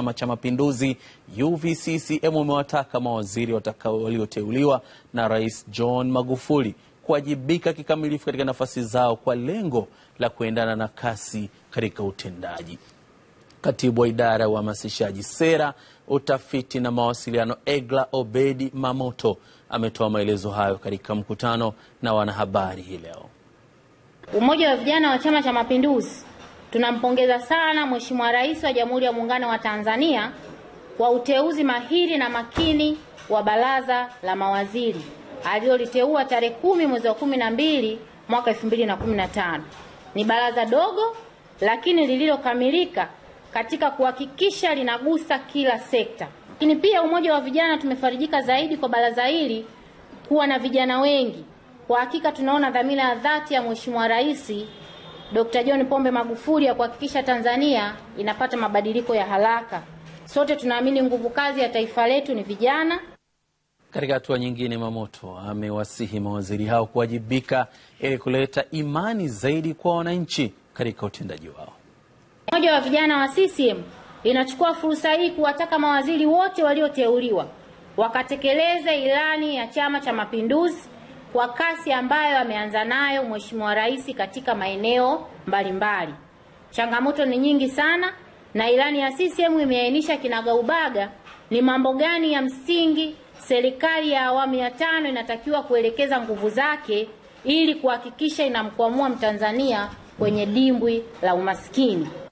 Chama cha Mapinduzi UVCCM umewataka mawaziri walioteuliwa na Rais John Magufuli kuwajibika kikamilifu katika nafasi zao kwa lengo la kuendana na kasi katika utendaji. Katibu wa idara ya uhamasishaji sera, utafiti na mawasiliano Egla Obedi Mamoto ametoa maelezo hayo katika mkutano na wanahabari hii leo. Umoja wa vijana wa Chama cha Mapinduzi Tunampongeza sana Mheshimiwa Rais wa Jamhuri ya Muungano wa Tanzania kwa uteuzi mahiri na makini wa baraza la mawaziri aliyoliteua tarehe kumi mwezi wa kumi na mbili mwaka elfu mbili na kumi na tano. Ni baraza dogo lakini lililokamilika katika kuhakikisha linagusa kila sekta. Lakini pia umoja wa vijana, tumefarijika zaidi kwa baraza hili kuwa na vijana wengi. Kwa hakika tunaona dhamira ya dhati ya Mheshimiwa Rais Dr. John Pombe Magufuli ya kuhakikisha Tanzania inapata mabadiliko ya haraka. Sote tunaamini nguvu kazi ya taifa letu ni vijana. Katika hatua nyingine, Mamoto amewasihi mawaziri hao kuwajibika ili kuleta imani zaidi kwa wananchi katika utendaji wao. Mmoja wa vijana wa CCM inachukua fursa hii kuwataka mawaziri wote walioteuliwa wakatekeleze ilani ya Chama cha Mapinduzi kwa kasi ambayo ameanza nayo Mheshimiwa Rais katika maeneo mbalimbali. Changamoto ni nyingi sana, na ilani ya CCM imeainisha kinagaubaga ni mambo gani ya msingi serikali ya awamu ya tano inatakiwa kuelekeza nguvu zake ili kuhakikisha inamkwamua Mtanzania kwenye dimbwi la umaskini.